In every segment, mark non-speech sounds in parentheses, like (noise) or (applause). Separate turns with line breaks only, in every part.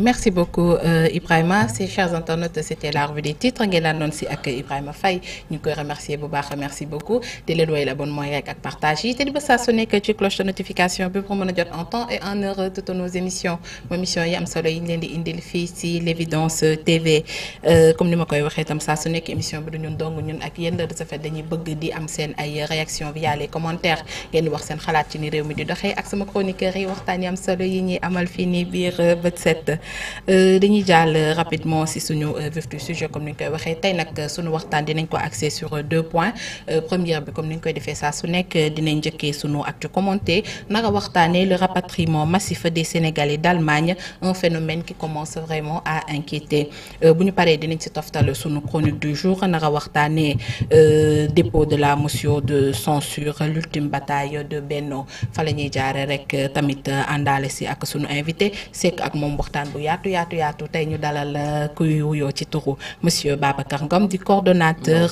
merci beaucoup euh, Ibrahima si chers internautes c'était la revue des titres ngeen àndoon si ak Ibrahima Faye ñu ngi koy remercier bu baax merci beaucoup di leen woy l'abonnement yi rek ak partage yi te saa su nekk ci cloche a jot en émission yi am solo yi ñu leen di indil fii si l'évidence TV euh, comme ni ma koy waxee tam saa su nekk émission bi du ñun dong ñun ak yéen la de ce fait dañuy bëgg di am seen ay réaction via les commentaires ngeen wax seen xalaat ci ni réew mi di doxee ak sama chroniqueur yi waxtaan yi am solo yi ñuy amal fii nii biir euh, bët set Euh, dañuy jàll rapidement si suñu euh, vif du sujet comme ni ñu koy waxee tey nag euh, suñu waxtaan dinañ ko axé sur deux points première bi comme ni ñu koy defee saa su nekk dinañ njëkkee suñu actu commenté naka waxtaanee le rapatriement massif de Sénégalais d'Allemagne un phénomène qui commence vraiment à inquiéter bu ñu paree dinañ si toftal suñu chronique du jour naka waxtaanee dépôt de la motion de censure l'ultime bataille de Benno fa la ñuy jaare rek tamit àndaale si ak suñu invité Seck moom waxtaan yaatu yaatu yaatu tey ñu dalal euh, kuy wuyoo ci turu monsieur Babacar Ngom di coordonnateur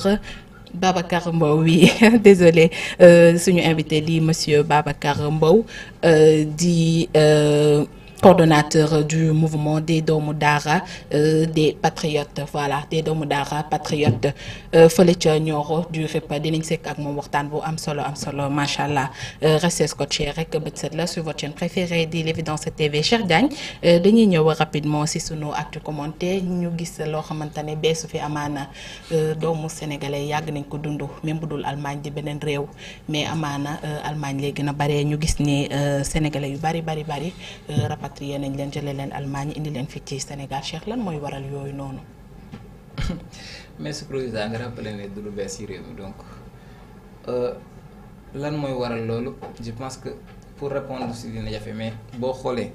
Babacar Mbow oui (laughs) désolé euh, suñu invité di monsieur Babacar Mbow euh, di coordonnateur du mouvement des doomu daara euh, des patriotes voilà des doomu daara patriotes euh, fële ca Nioro du RIP dinañ sekk ak moom waxtaan bu am solo am solo macha allah euh, restez scotché rek bët set la sur votre chaîne préférée di l'évidence TV Cheikh Diagne dañuy ñëw rapidement si sunu actu commenté ñu gis loo xamante ne beesu fi amaana doomu sénégalais yàgg nañ ko dund même bu dul Allemagne di beneen réew mais amaana almaañ lay gën a bare ñu gis ni sénégalais yu bari bari bari rapatrié nañ leen jëlee leen Allemagne indi leen fii ci Sénégal Cheikh lan mooy waral yooyu noonu.
(laughs) merci président nga rappelé ne du lu bees ci réew euh, lan mooy waral loolu je pense que pour répondre si dina mais boo xoolee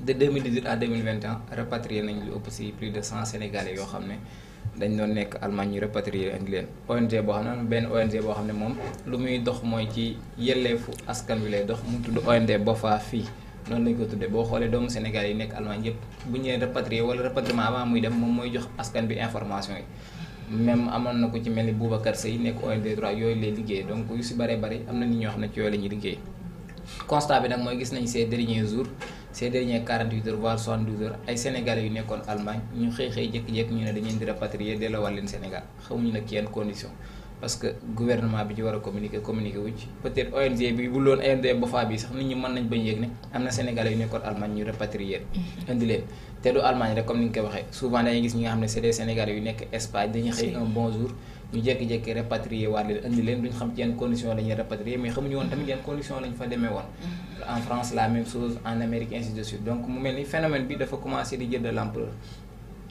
de 2018 à 2021 rapatrié nañ lu ëpp si plus de 100 sénégalais yoo xam ne dañ doon nekk Allemagne ñu rapatrié indi leen ONG boo xam ne benn ONG boo xam ne moom lu muy dox mooy ci yelleefu askan wi lay dox mu tudd ONG Boffa fii. noonu lañ ko tuddee boo xoolee doomu Sénégal yi nekk Allemagne yëpp bu ñu leen rapatrié wala rapatriement avant muy dem moom mooy jox askan bi information yi. même amoon na ko ci mel ni Boubacar Seye nekk ONG droit yooyu lay liggéey donc yu si bëree bëri am na nit ñoo xam ne ci yooyu la ñuy liggéey. nag mooy gis nañ ces derniers jours ces derniers 48 heures voire 72 heures ay sénégalais yu nekkoon Allemagne ñu xëy xëy jékki-jékki ñu ne dañu leen di rapatrier delloowaat leen Sénégal xamuñu nag yenn condition parce que gouvernement bi ci war a communiquer communiquer wu ci ONG bi bu loon ONG Bofa bi sax nit ñi mën nañ bañ yëg ne am na Sénégalais yu nekkoon Allemagne ñu rapatrier mhm. indi te du Allemagne rek comme ni nga ko waxee souvent dañuy gis ñi nga xam ne c'est des yu nekk Espagne dañuy xëy un bon ñu jékki-jékki rapatrier waat leen indi duñ xam ci yan condition lañuy rapatrier mais xamuñu woon tamit yan condition lañ fa demee woon mhm.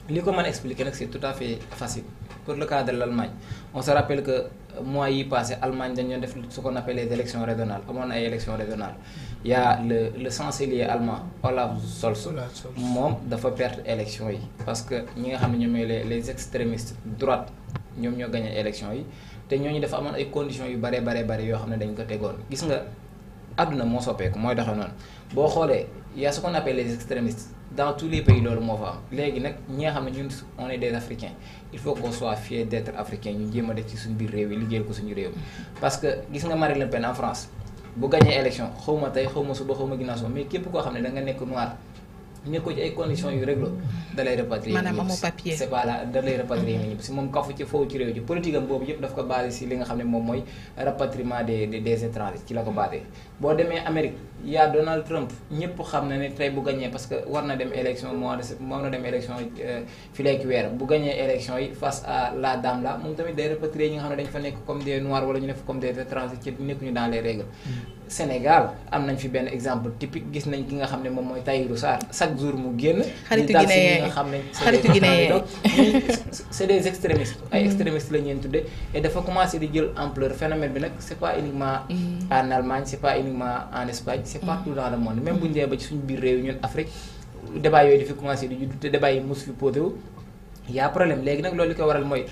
li ko man a expliquer nag c'est tout à fait facile pour le cas de l'Allemagne on se rappelle que euh, mois yi passé Allemagne dañu def ce qu'on appelle les élections régionales amoon ay élections régionales il y a le le chancelier allemand Olaf Scholz moom dafa perdre élection yi parce que ñi nga xam ne ñoom ñooy les les extrémistes droite ñoom ñoo gagné élection yi te ñoo ñooñu dafa amoon ay conditions yu bare bare bare yoo xam ne dañu ko tegoon gis nga àdduna moo soppeeku mooy doxe noonu boo xoolee y a ce qu'on appelle les dans tous les pays loolu moo fa am léegi nag ñi nga xam ne ñun on est des africains il faut qu'on soit fier d'être africain ñu jéem a def ci suñu biir réew yi liggéeyal ko suñu réew parce que gis nga Marine Le Pen en France bu gagné élection xaw ma tey suba xaw ma mais képp koo xam ne da nga nekk noir nekkoo ci ay conditions yu réglo da lay rapatrier maanaam amoo papier c'est pas là da lay rapatrier nga ñëpp si moom kafu ci foofu ci ko basé si li nga xam moom mooy rapatriement des des étrangers ci la yaa Donald Trump ñëpp xam na ne tey bu gagné parce que war na dem élection mois de na dem élection euh, fi lekk weer bu gagné élection yi face à la dame là moom tamit day rapatrier ñi nga xam ne dañ fa nekk comme des noirs wala ci nekkuñu dans les règles. Mm. Sénégal am nañ fi benn exemple typique gis nañ ki nga xam ne moom mooy Tahirou Sarr chaque jour mu génn. xaritu Guinée nga xam ne xaritu Guinée c' est des extrémistes. ay mm. extrémistes la ñu leen tuddee et dafa commencé ne jël ampleur phénomène bi nag c' est mm. pas uniquement en Allemagne c' est c'est partout dans le monde même bu ñu demee ba ci suñu biir réew ñun Afrique débat yooyu dafi commencé di judd te débat yi mos fi posé wu problème léegi nag loolu li ko waral mooy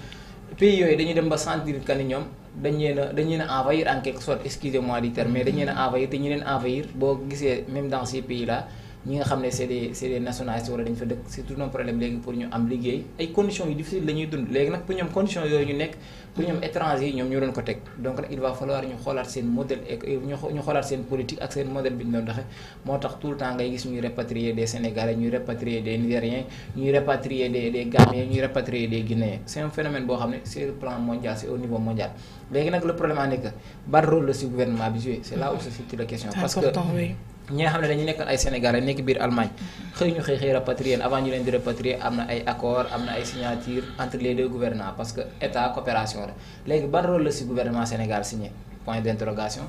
pays yooyu dañuy dem ba sentir que ni ñoom dañ leen a dañ leen a envahir en quelque sorte excusez-moi du terme mais dañ leen a leen envahir boo gisee même dans ces pays ñi nga xam ne c'est des c'est des nationalités wala dañ fa dëkk c'est tout un problème léegi pour ñu am liggéey ay conditions yu difficile la dund léegi nag pour ñoom conditions yooyu ñu nekk pour ñoom étrangers ñoom ñoo doon ko teg donc nag il va falloir ñu xoolaat seen modèle ñu xoolaat seen politique ak seen modèle bi ñu doon doxee moo tax tout le temps ngay gis ñuy rapatrier des Sénégalais ñuy rapatrier des Nigériens ñuy rapatrier des des ñuy rapatrier xam ne c'est le plan mondial ñi nga xam ne dañu nekkoon ay Sénégalais nekk biir Allemagne xëy ñu xëy xëy rapatrier avant ñu leen di rapatrier am na ay accord am na ay signature entre les deux gouvernements parce que état coopération la léegi ban rôle la si gouvernement Sénégal signé point d'interrogation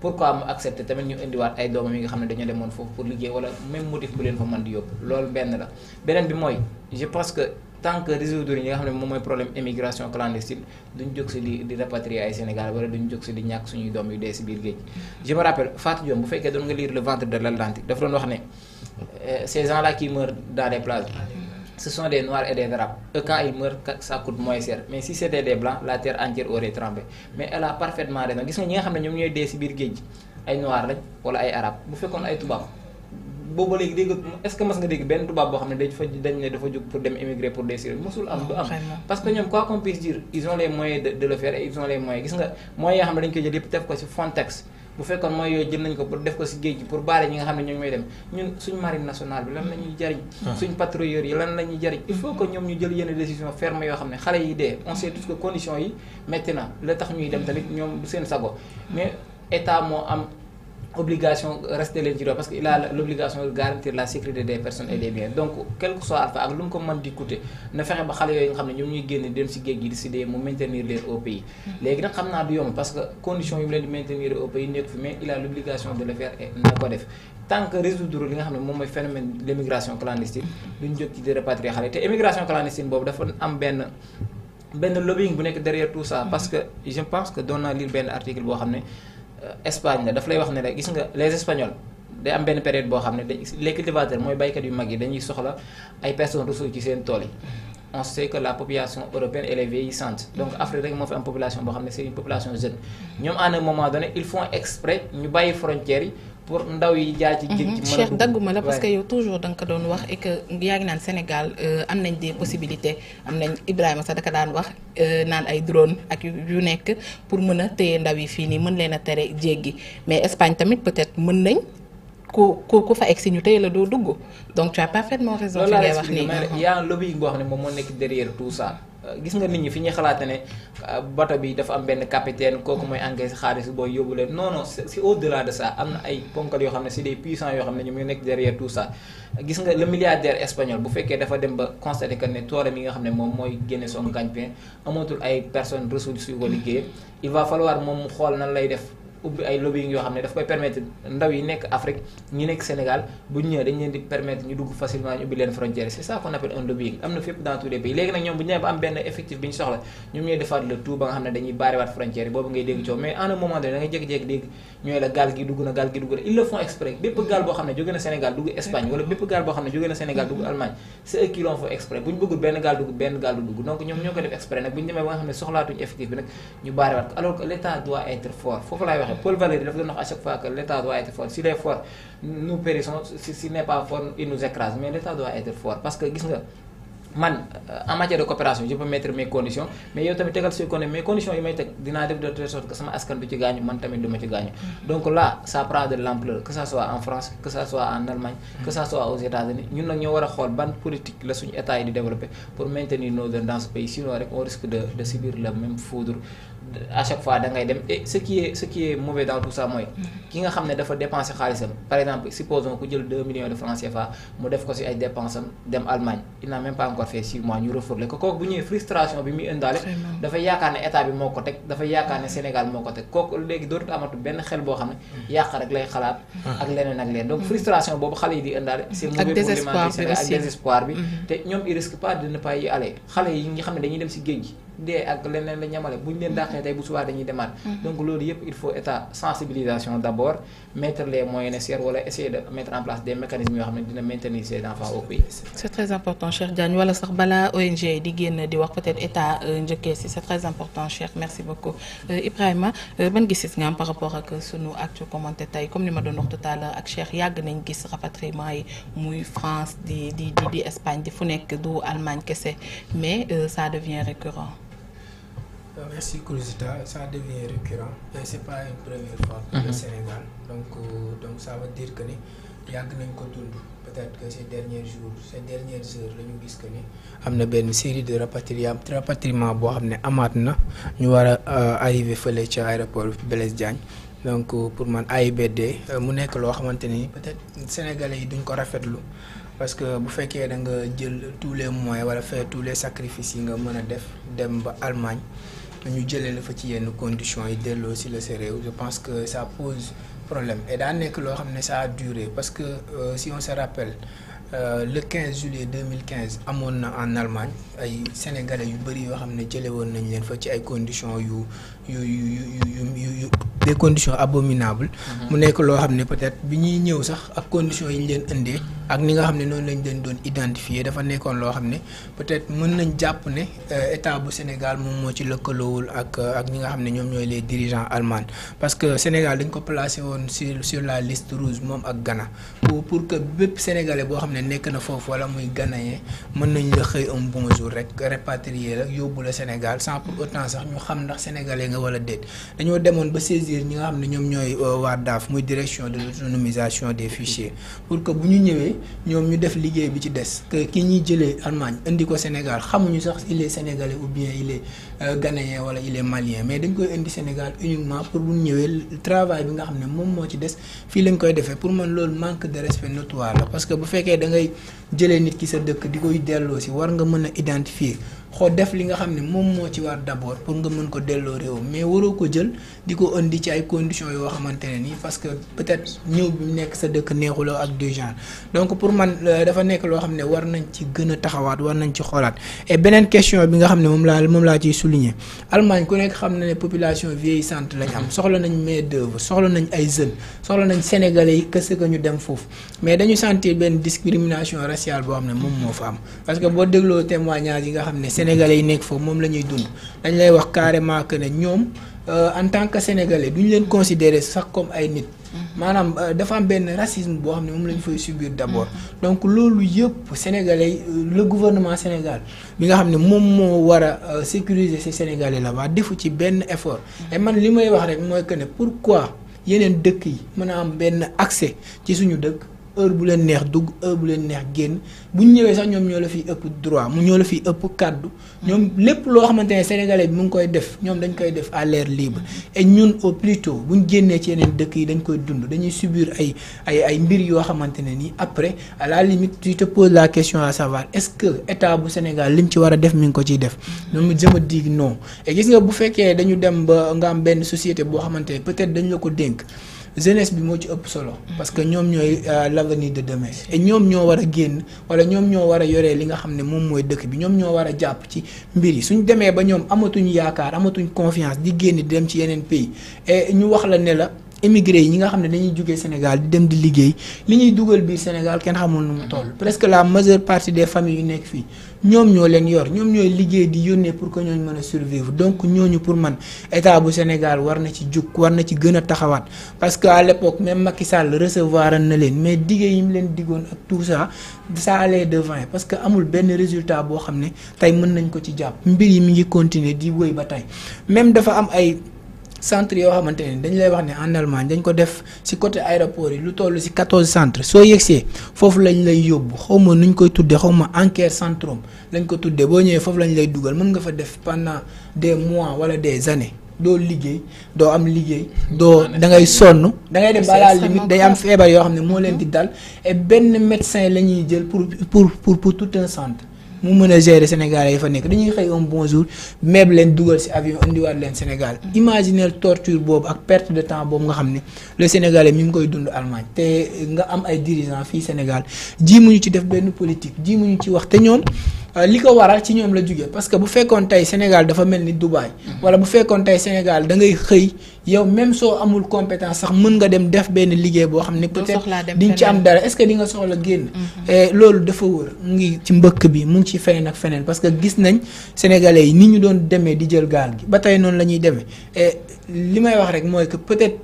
pourquoi mu accepté tamit ñu indiwaat ay doomam yi nga xam ne dañoo dem foofu pour liggéey wala même motif bu leen fa mën di yóbbu loolu benn la beneen bi mooy je pense que tant que résoudre yi nga xam ne moom mooy problème immigration clandestine duñ jóg si di di rapatrier ay Sénégal wala duñ jóg di ñàkk suñuy doom yu dee si biir géej je me rappelle Fatou Diome bu fekkee doon nga lire le ventre de l'Atlantique daf doon wax ne euh, ces gens là qui meurent dans les plages ce sont des et des arabes eux quand ils meurent ça coûte mais si c'était des blancs la terre entière aurait trempé mais elle a parfaitement raison gis nga ñi nga xam ne ñoom ñooy dee si biir géej ay noirs lañ wala ay arabes bu fekkoon ay tubaab boobu léegi dégg est-ce que mas nga dégg benn tubaab boo xam ne dañ fa dañ ne dafa jóg pour dem émigrer pour des mosul am du am parce que ñoom quoi qu'on dire ils les moyens de de le faire et les moyens gis nga moyens yoo xam ne dañ koy jël yëpp def ko ci Frontex bu fekkoon mooy yooyu jël nañ ko def ko si géej gi pour baare ñi nga xam ne ñoom ñooy dem ñun suñ marine nationale bi lan la jariñ ah. suñ patrouilleurs yi lan la jariñ il faut obligation rester leen ci doo parce que il a l'obligation de garantir la sécurité des personnes et des biens donc quel que soit alpha ak lu mu ko mën di coûter na fexe ba xale yooyu nga xam ne ñoom ñuy génn dem si géej gi di si dee mu maintenir leen au pays mm-hmm. léegi nag xam naa du yomb parce que condition yi mu leen maintenir au pays nekk fi mais il a l'obligation de le faire et ko def tant que résoudre li nga xam ne moom mooy phénomène l' mm-hmm. émigration clandestine duñ mm-hmm. jóg pense que doon naa lire benn article boo xam Euh, Espagne la daf lay wax ne la gis nga les espagnols day am benn période boo xam ne dañ les cultivateurs mooy baykat yu mag yi dañuy soxla ay personnes ressources ci seen tool yi. on sait la population européenne elle est vieillissante donc Afrique rek moo fi am population boo xam ne seen une population jeune ñoom à un moment donné ils font exprès ñu bàyyi frontières yi. pour ndaw yi jaay ci géej gi. Mhm. Cheikh dagguma la parce que
yow toujours da ko doon wax et yaa ngi naan Sénégal euh, am nañ des possibilités am nañ Ibrahima sax daka daan wax euh, naan ay drone ak yu nekk pour mën a téye ndaw yi fii nii mën leen a tere jéggi mais Espagne tamit peut-être mën nañ koo ku ku fa egg si ñu téye la doo dugg donc tu as parfaitement raison. fi ngay wax nii loolu laa
mhm. y a un lobby boo xam ne moom moo nekk derrière tout gis nga nit ñi fi ñuy xalaate ne ah, bato bi dafa am benn capitaine kooku mooy engrais xaalis booy yóbbu leen non non c'est au-delà de ça am na ay ponkal yoo xam ne c'est des puissants yoo xam ne ñu ngi nekk derrière tout ça gis nga le milliardaire espagnol bu fekkee dafa dem ba constaté que ne toolam yi nga xam ne moom mooy génne son gagne-pain amatul ay personne ressources yu ko liggéey il va falloir moom xool nan lay def ubbi bu ngay dégg coow mais en un moment donné da ngay dégg ñooy la gaal gi dugg na gaal gi dugg na ils le bu ñu bëggul benn gaal dugg benn gaal dugg donc ñoom ñoo ko def exprès nag bu ñu demee ba nga xam ne soxlaatuñu effectif bi nag ñu baariwaat ko que l' doit être fort foofu laay waxee Paul Valéry dafa doon wax à chaque fois que l'État doit être fort s'il est fort nous périssons s'il n'est pas fort il nous écrase mais l'État doit être fort parce que gis nga man euh, en matière de coopération je may teg dinaa def de telle sorte que sama askan du ci gaañu man tamit du ci gaañu mm-hmm. donc là ça prend de que ça soit en France que ça soit en Allemagne mm-hmm. que ça soit aux États-Unis ñun nag ñoo war a xool ban politique la suñu état yi di développer pour maintenir à chaque fois da ngay dem et eh, ce qui est ce qui est mauvais dans tout ça mooy. ki nga xam ne dafa dépenser xaalisam par exemple supposons ku jël 2 millions de francs CFA mu def ko ci ay dépensam dem Allemagne il n'a même encore fait 6 mois ñu refoulé ko kooku bu ñëwee frustration bi muy indaale. dafa yaakaar ne état bi moo ko teg dafa yaakaar ne Sénégal moo ko teg kooku léegi dootul amatu benn xel boo xam ne yàq rek lay xalaat. ak leneen ak leneen donc de ak leneen la ñamale bu ñu leen dàqee tey bu subaa dañuy demaat. Mm-hmm. donc loolu yëpp il faut état sensibilisation d' abord mettre les moyens nécessaires wala essayer de mettre en place des mécanismes yoo xam ne dina maintenir ces enfants au pays.
c' est très important Cheikh Diagne wala sax balaa ONG di génn di wax peut état euh, njëkkee si c' est très important Cheikh merci beaucoup euh, Ibrahima euh, ban gis-gis nga par rapport ak sunu actu commenté tey comme ni ma doon wax tout à l'heure yàgg nañ gis rapatriement yi muy France di di di Espagne di fu nekk du Allemagne kese mais ça devient récurrent.
Euh, merci Kourouzita, ça devient récurrent et c'est pas une première fois pour le mhm. Sénégal donc euh, donc ça veut dire que ni yàgg nañ ko dund peut-être que ces derniers jour ces dernières heures la ñu gis que ni am na benn série de rapatriement rapatriement boo xam ne amaat na ñu war a euh, arrivé fële ci aéroport Blaise Diagne donc pour man ay AIBD mu nekk loo xamante ni peut-être sénégalais yi duñ ko rafetlu parce que bu fekkee da nga jël tous les moyens wala faire tous les sacrifices yi nga mën a def dem ba Allemagne ñu jëlee la fa ci yenn conditions yi delloo si la sa réew je pense que ça pose problème et daa nekk loo xam ne ça a parce que euh, si on se rappelle euh, le 15 juillet 2015 amoon na en Allemagne ay sénégalais yu bëri yoo xam ne jëlee woon nañ leen fa ci ay conditions yu yu yu yu yu des conditions abominables. Mm-hmm. mu nekk loo xam ne peut-être bi ñuy ñëw sax ak conditions yi ñu leen indee. ak ni nga xam ne noonu lañ leen doon identifier dafa nekkoon loo xam ne peut-être mën nañ jàpp ne euh, état bu Sénégal moom moo ci lëkkaloowul ak euh, ak ñi nga xam ne ñoom ñooy les dirigeants allemands parce que Sénégal dañ ko woon sur sur la liste moom ak Ghana pour pour que bépp sénégalais boo xam ne nekk na foofu wala muy ghanéen mën nañ xëy un bonjour rek répatrier la yóbbu la Sénégal sans pour autant xam ndax sénégalais nga wala déet dañoo demoon ba saisir ñi nga xam ne ñoom ñooy euh, waa DAF muy direction de l'autonomisation des fichiers pour que bu ñu ñëwee ñoom ñu def liggéey bi ci des que ki ñuy jëlee Allemagne indi ko Sénégal xamuñu sax il est sénégalais ou bien il est euh, wala il est malien mais dañ koy indi Sénégal uniquement pour bu ñëwee travail bi nga xam ne moom moo ci des fii lañ koy defee pour man loolu manque de respect notoire la parce que bu fekkee dangay ngay jëlee nit ki sa dëkk di koy delloo si war nga mën a identifier xoo def li nga xam ne moom moo ci war d'abord pour nga mën ko delloo réew mais waroo ko jël di ko indi ci ay conditions yoo xamante ne nii parce que peut-être ñëw bi nekk sa dëkk neexuloo ak du genre donc pour man euh, dafa nekk loo xam ne war nañ ci gën a taxawaat war nañ ci xoolaat beneen question bi nga xam ne moom laa moom laa ciy souligner Allemagne ku nekk xam na ne population sant lañ am soxla nañ main d'œuvre soxla nañ ay jeunes soxla nañ sénégalais yi kese que ñu dem foofu mais dañu sentir benn discrimination raciale boo xam ne moom moo fa am sénégalais yi nekk foofu moom la ñuy dund dañ lay wax carrément que ne ñoom euh, en tant que sénégalais duñu leen considérer sax comme ay nit. Mm-hmm. maanaam euh, dafa am benn racisme boo xam ne moom la ñu fay subir d' abord mm-hmm. donc loolu yëpp sénégalais euh, la gouvernement Sénégal bi nga xam ne moom moo war a sécuriser ces sénégalais là bas defu ci benn effort. Mm-hmm. et man li may wax rek mooy que ne pourquoi yeneen dëkk yi mën a am benn accès ci suñu dëkk. heure bu leen neex dugg heure bu leen neex génn bu ñu ñëwee sax ñoom ñoo la fi ëpp droit mu ñoo la fi ëpp kàddu. ñoom mm. lépp loo xamante ne sénégalais bi mu ngi koy def ñoom dañu koy def à l'air libre et ñun au plus bu ñu génnee ci yeneen dëkk yi dañ koy dund dañuy subir ay ay ay mbir yoo xamante ne nii après à la limite tu te poses la question à savoir est-ce que état bu Sénégal lim ci war a def mi ngi ko ciy def ñoom mm. je me dis non et gis nga bu fekkee dañu dem ba nga benn société boo xamante ne peut-être dañu la ko dénk. jeunesse bi moo ci ëpp solo. parce que ñoom ñooy euh, l'avenir de demain. et ñoom ñoo war a génn wala ñoom ñoo war a yore li nga xam ne moom mooy dëkk bi ñoom ñoo war a jàpp ci mbir yi suñ demee ba ñoom amatuñ yaakaar amatuñ confiance di génn di dem ci yeneen pays ñu wax la ne la. émigré yi ñi nga xam ne dañuy jógee Sénégal di dem di liggéey li ñuy dugal biir Sénégal kenn xamul nu mu toll presque la majeure partie des familles yu nekk fii ñoom ñoo leen yor ñoom ñooy liggéey di yónnee pour que ñooñ mën a survivre donc ñooñu pour man état bu Sénégal war na ci jug war na ci gën a taxawaat parce que à l'époque même Macky Sall recevoir na leen mais diggéey yi mu leen diggoon ak tout ça ça allait devant parce que amul benn résultat boo xam ne tey mën nañ ko ci jàpp mbir yi mi ngi continuer di wéy ba tey même dafa am ay centre yoo xamante ne dañ lay wax ne en Allemagne dañ ko def ci côté aéroport yi lu toll ci quatorze centre soo yegsee foofu lañ lay yóbbu xaw ma nuñ koy tuddee xaw ma enquête centrum lañ ko tuddee boo ñëwee foofu lañ lay dugal mën nga fa def pendant des mois wala des années doo liggéey doo am liggéey doo da ngay sonn da ngay dem ba la day am feebar yoo xam ne moo leen di dal benn médecin la ñuy jël pour pour pour pour tout un centre mu mën a gérer Sénégalais yi fa nekk dañuy xëy un bon jour meeb leen dugal ci avion indiwaat leen Sénégal imaginer torture boobu ak perte de temps boobu nga xam ne le Sénégalais mi ngi koy dund Allemagne te nga am ay dirigeants fii Sénégal ji mu ñu ci def benn politique ji mu ñu ci wax te ñoon Euh, li ko waral ci ñoom la jóge parce que bu fekkoon tey Sénégal dafa mel ni Dubaï. Mhm. wala bu fekkoon tey Sénégal da ngay xëy yow même soo amul compétence sax mën nga dem def benn liggéey boo xam ne. peut-être diñ ci am dara est-ce que di nga soxla génn. Mhm. loolu dafa wër mu ngi ci mbëkk bi mu ngi ci feneen ak feneen parce que gis nañ sénégalais yi ni ñu doon demee di jël gaal gi ba tey noonu lañuy ñuy demee li may wax rek mooy que peut-être.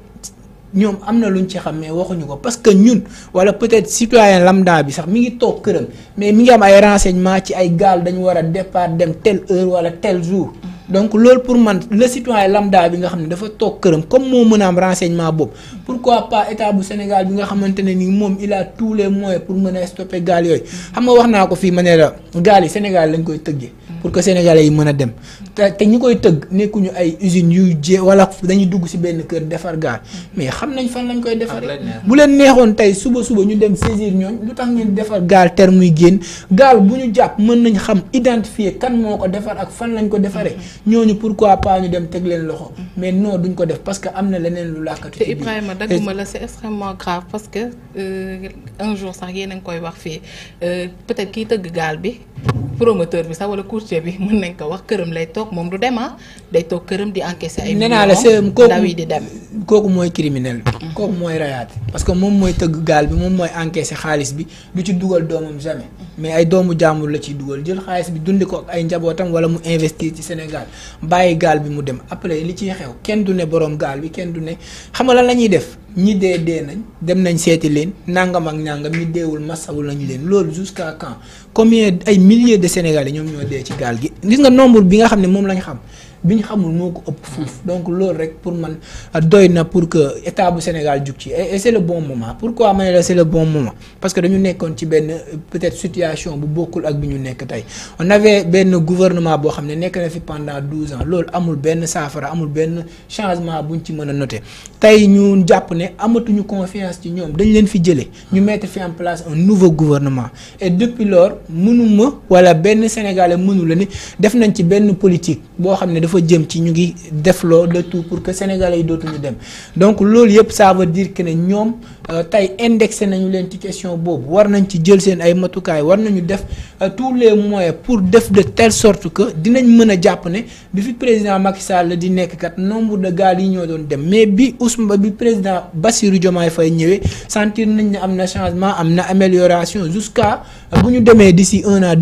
ñoom am na luñ ci xam mais waxuñu ko parce que ñun wala peut-être citoyen lambda bi sax mi ngi toog këram mais mi ngi am ay renseignements ci ay gaal dañu war départ dem telle heure wala tel jour. donc loolu pour man le citoyen lambda bi nga xam ne dafa toog këram comme moo mën a am renseignement boobu pourquoi pas état bu Sénégal bi nga xamante ne ni moom il a tous les moyens pour mën a stopper gaal yooyu xam nga wax naa ko fii ma ne la gaal yi Sénégal lañ koy tëggee. pour que sénégalais yi mën a dem. te te ñi koy tëgg nekkuñu ay usines yuy jé wala dañuy dugg ci benn kër defar gaal mais xam nañ fan lañ koy defaree. bu leen neexoon tey suba suba ñu dem saisir ñooñ lu tax ngeen defar gaal terme muy génn gaal bu ñu jàpp mën nañ xam identifier kan moo ko defar ak fan lañ ko defaree. ñooñu pourquoi pas ñu dem teg leen loxo. mais non duñ ko def parce que am na leneen lu làkkatu. te Ibrahima dagguma
la c'est extrêmement grave parce que euh, un jour sax yéen koy wax fii euh, peut-être kiy tëgg gaal bi. promoteur bi sax wala courtier bi mën nañ ko wax këram lay toog moom du demaa ah, day toog këram di encaisser ay. nee naa la kooku di
dem. kooku mooy criminel bi. kooku mooy rayaate parce que moom mooy tëgg gaal bi moom mooy encaissé xaalis bi du ci dugal doomam jamais mais ay doomu jaamur la ciy dugal jël xaalis bi dundi ko ak ay njabootam wala mu investir ci Sénégal bàyyi gaal bi mu dem après li ci xew kenn du ne borom gaal bi kenn du ne xam nga lan la ñuy def ñi dee dee nañ dem nañ seeti leen nangam ak nàngam ñi deewul masawul nañu leen loolu jusqu'à quand combien ay milliers de Sénégalais ñoom ñoo dee ci gaal gi gis nga nombre bi nga xam ne moom lañ xam bi ñu xamul moo ko ëpp foofu donc loolu rek pour man doy na pour que état bu Sénégal jug ci et c' est bon moment pour ma ne la c' est le moment parce que dañu nekkoon ci benn peut-être situation bu bokkul ak bi ñu nekk tey on benn gouvernement boo xam ne nekk na fi pendant douze ans loolu amul benn saafara amul benn changement buñ ci mën a noté tey ñu jàpp ne amatuñu confiance ci ñoom dañu leen fi jëlee ñu mettre fi en place un nouveau gouvernement et depuis lors mënuma wala benn Sénégalais mënu la ni def nañ ci benn politique boo xam ne dafa dafa jëm ci ñu ngi def defloo de tout pour que sénégalais yi dootuñu dem donc loolu yëpp ça veut dire que ne ñoom euh, tey indexé nañu leen ci question boobu war nañ ci jël seen ay matukaay war nañu def euh, tout les moyens pour def de telle sorte que dinañ mën a jàpp ne bi fi président Macky Sall di nekk kat nombre de gaal yi ñoo doon dem mais bi Ousmane bi président Bassirou Diomaye fay ñëwee sentir nañ ne am na changement am na amélioration jusqu'à euh, bu ñu demee d'ici un à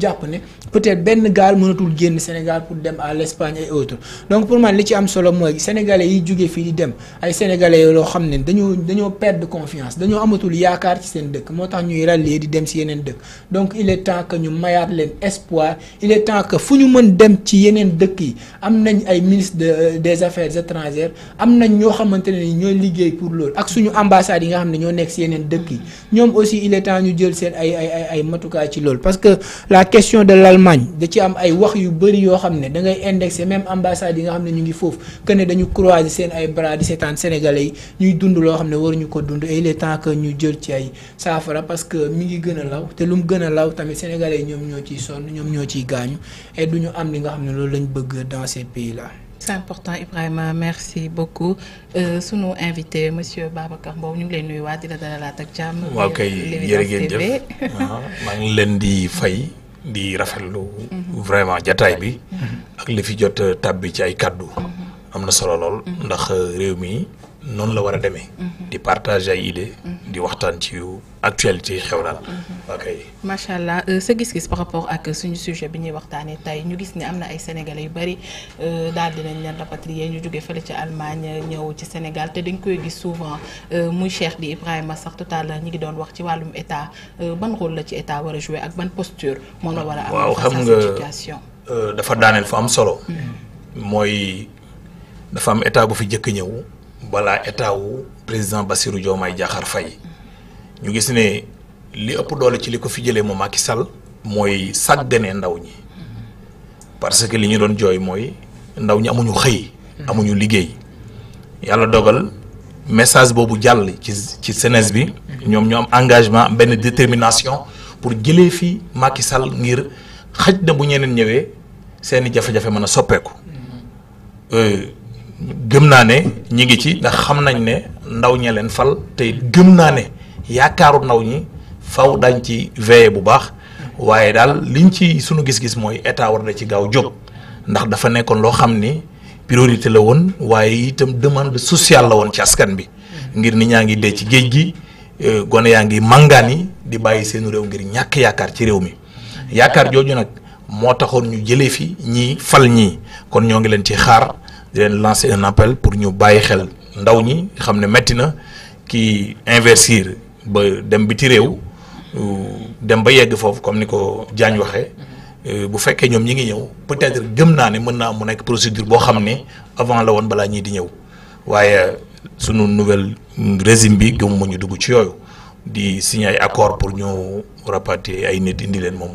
jàpp peut-être benn gaal mënatul génn Sénégal pour dem à l'Espagne et autres donc pour man li ci am solo mooy sénégalais yi jóge fii di dem ay sénégalais yoo xam ne dañoo dañoo perdre confiance dañoo amatul yaakaar ci seen dëkk moo tax ñuy rallier di dem si yeneen dëkk donc il est temps que ñu mayaat leen espoir il e temps que fu ñu mën dem ci yeneen dëkk yi am nañ ay ministre de des affaires étrangères am nañ ñoo xamante ne ni ñooy liggéey pour loolu ak suñu ambassades yi nga xam ne ñoo nekk si yeneen dëkk yi ñoom aussi il est ñu jël seen ay matukaay ci loolu parce que la Allemagne da ci am ay wax yu bëri yoo xam ne da ngay indexé même ambassade yi nga xam ne ñu ngi foofu que ne dañu croiser seen ay bras di seetaan sénégalais yi ñuy dund loo xam ne waruñu ko dund et il est que ñu jël ci ay saafara parce que mi ngi gën a law te lu mu gën a law tamit sénégalais yi ñoom ñoo ciy sonn ñoom ñoo ciy gaañu et du ñu am li nga xam ne loolu lañu bëgg dans ces pays là.
c'est important Ibrahima merci beaucoup euh, sunu invité monsieur Babacar Mbow ñu ngi lay nuyuwaat di la dalalaat ak jàmm. waaw kay jërë ah,
ngeen leen di fay. di rafetlu vraiment jataay bi ak li fi jot tàbbi ci ay kàddu mhm. am na solo lool mhm. ndax euh, réew mi noonu la war a demee. Mhm. di partager ay idées. Mhm. di waxtaan ci actualité yi xew daal. Mhm. ok
macha allah euh, sa gis-gis par rapport ak suñu sujet bi ñuy waxtaanee tey ñu gis ni am na ay sénégalais yu bari euh, daal dinañ leen patrier ñu jóge fële ci Allemagne ñëw ci Sénégal te dañ koy gis souvent euh, muy Cheikh di Ibrahima sax total ñu ngi doon wax ci wàllum état ban rôle la ci état war a jouer ak ban posture. moom la war a am xam nga
dafa daaneel fa am solo. mooy dafa am état bu fi jëkk ñëw. balaa état wu président Bassirou Diomaye Diakhar fay ñu gis ne li ëpp doole ci li ko fi jëlee mu Macky Sall mooy sàggane ndaw ñi parce que li ñu doon jooy mooy ndaw ñi amuñu xëy. amuñu liggéey yàlla dogal message boobu jàll ci ci jeunesse bi. ñoom ñu am engagement benn détermination pour jëlee fi Macky Sall ngir xaj na bu ñeneen ñëwee seeni jafe-jafe mën a soppeeku. Euh, gëm naa ne ñi ngi ci ndax xam nañ ne ndaw ñee leen fal tey gëm naa ne yaakaaru ndaw ñi faw dañ ci veiller bu baax waaye daal liñ ci sunu gis-gis mooy état war na ci gaaw jóg ndax dafa nekkoon loo xam ni priorité la woon waaye itam demande social la woon ci askan bi ngir ni ñaa ngi dee ci géej gi euh, gone yaa ngi màngaan yi di bàyyi seen réew ngir ñàkk yaakaar ci réew mi yaakaar jooju nag moo taxoon ñu jëlee fi ñi fal ñi kon ñoo ngi leen ci xaar di leen lancer un appel pour ñu bàyyi xel ndaw ñi xam ne métti na kii investir ba dem biti réew euh, dem ba yegg foofu comme ni ko Diagne waxee euh, bu fekkee ñoom ñi ngi ñëw peut-être gëm naa ne mën naa mu nekk procédure boo xam ne avant la woon balaa ñii di ñëw waaye sunu nouvelle régime bi gëm mu ñu dugg ci yooyu di signer ay accord pour ñu rapatrier ay nit indi leen moom.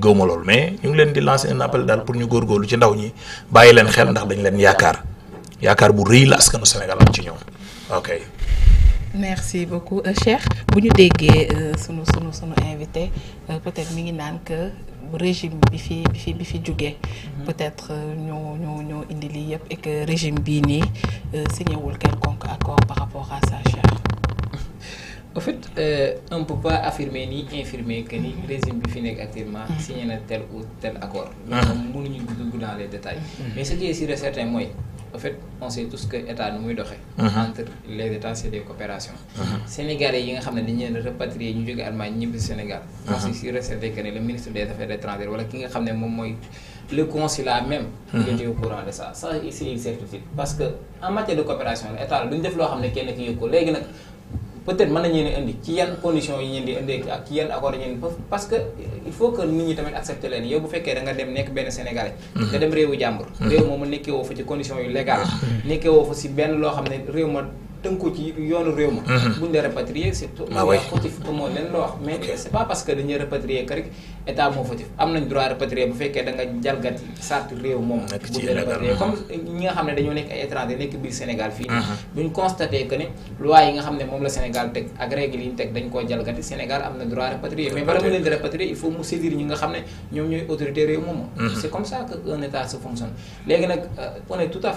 gëwma loolu mais ñu ngi leen di lancer un appel daal pour ñu góorgóorlu ci ndaw ñi bàyyi leen xel ndax dañu leen yaakaar yaakaar bu rëy la askanu Sénégal am ci ñoom ok.
merci beaucoup euh, Cheikh bu ñu déggee euh, sunu sunu sunu invité euh, peut-être mi ngi naan que régime bi fi bi fi bi fi jógee mhm. peut-être ñoo ñoo ñoo indi lii yëpp et régime bii nii signéwul quelconque accord par rapport à ça Cheikh.
en fait euh, on ne peut pas affirmer ni mm-hmm. régime bi fi nekk actuellement mm-hmm. signé na tel ou tel accord loolu moom mm-hmm. mënuñu dugg dans les détails mais ce qui est sûr mooy en fait on sait tous que état nu muy doxee entre les états c'est des coopérations sénégalais yi nga xam ne dañu leen rapatrier ñu jóge Allemagne ñibbi Sénégal on sait sûr et certain que le ministre des affaires étrangères wala ki nga xam ne moom mooy le consulat même il était au courant de que en coopération état la def loo xam ne kenn ki yëg ko peut-être mën nañu leen indi ci yan conditions yi ñeen di indi ak ci yan accords yi ñeen parce que il faut que nit ñi tamit accepter leen yow bu fekkee da nga dem nekk benn sénégalais mm-hmm. nga dem réewu jàmbur mm-hmm. réew a nekkee woo fa ci conditions yu légal mm-hmm. nekkee woo fa si benn loo xam ne réew ma tënku ci yoonu réew ma buñ la rapatrier c'est tout fautif ah comme leen la wax mais c'est pas parce que dañuy rapatrier que rek état moo fautif am nañ droit rapatrier bu fekkee da jalgati sart réew moom bu rapatrier comme ñi nga xam ne dañoo nekk ay étranger nekk biir Sénégal fii buñ mhm. constaté que ne yi nga xam ne moom la Sénégal teg ak règle yi ñu dañ koo jalgati Sénégal am na droit rapatrier mais bala mu leen di rapatrier il faut mu saisir ñi nga xam ne ñoom ñooy autorité réew moom mhm. c'est comme ça que un état se fonctionne léegi nag euh, on tout à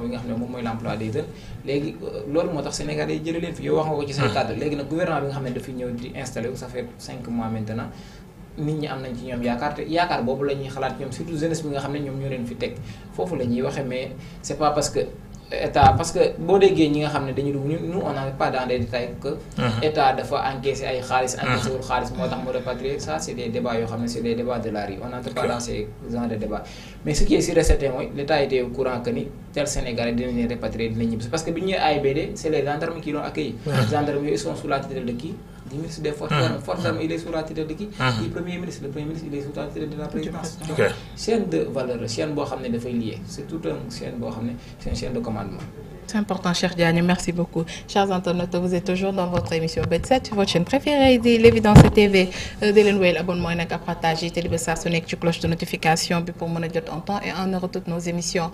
bi nga xam ne moom mooy l'emploi des jeunes léegi euh, loolu moo tax Sénégal yi jëlee leen fi yow wax nga ko ci say ah. kàddu léegi nag gouvernement bi nga xam ne dafa ñëw di installé wu ça fait cinq mois maintenant nit ñi am nañ ci ñoom yaakaar te yaakaar boobu la xalaat ñoom surtout jeunesse bi nga xam ne ñoom ñoo leen fi teg foofu la ñuy mais c'est pas parce que état parce que boo déggee ñi nga xam ne dañu dugg ñu nous on n'entre pas dans des détails que uh-huh. état dafa encaissé ay xaalis uh-huh. encaissé wul xaalis moo tax mu rapatrier ça c'est des yoo xam ne c'est des débats de la on n'entre pas dans ces mais ce qui est sûr mooy l'état était courant que ni tel Sénégalais dinañ rapatrier dinañ ñibbisi parce que bi ñu ñëwee AIBD c'est les gendarmes qui l'ont accueilli uh-huh. gendarmes yooyu ils sont sous la tutelle du ministre des forces armées hmm. forces armées il est sous la tutelle de qui hmm. premier ministre le premier ministre il est sous la tutelle de la présidence de valeur chaîne boo xam ne dafay lié c'est tout un chaîne boo xam ne c'est une chaîne de commandement
C'est important, cher Diagne. Merci beaucoup. Chers internautes, vous êtes toujours dans votre émission Bet7 votre chaîne préférée euh, di l'Évidence TV di abonnement yi nag ak partage yi te di de notification bi pour mën a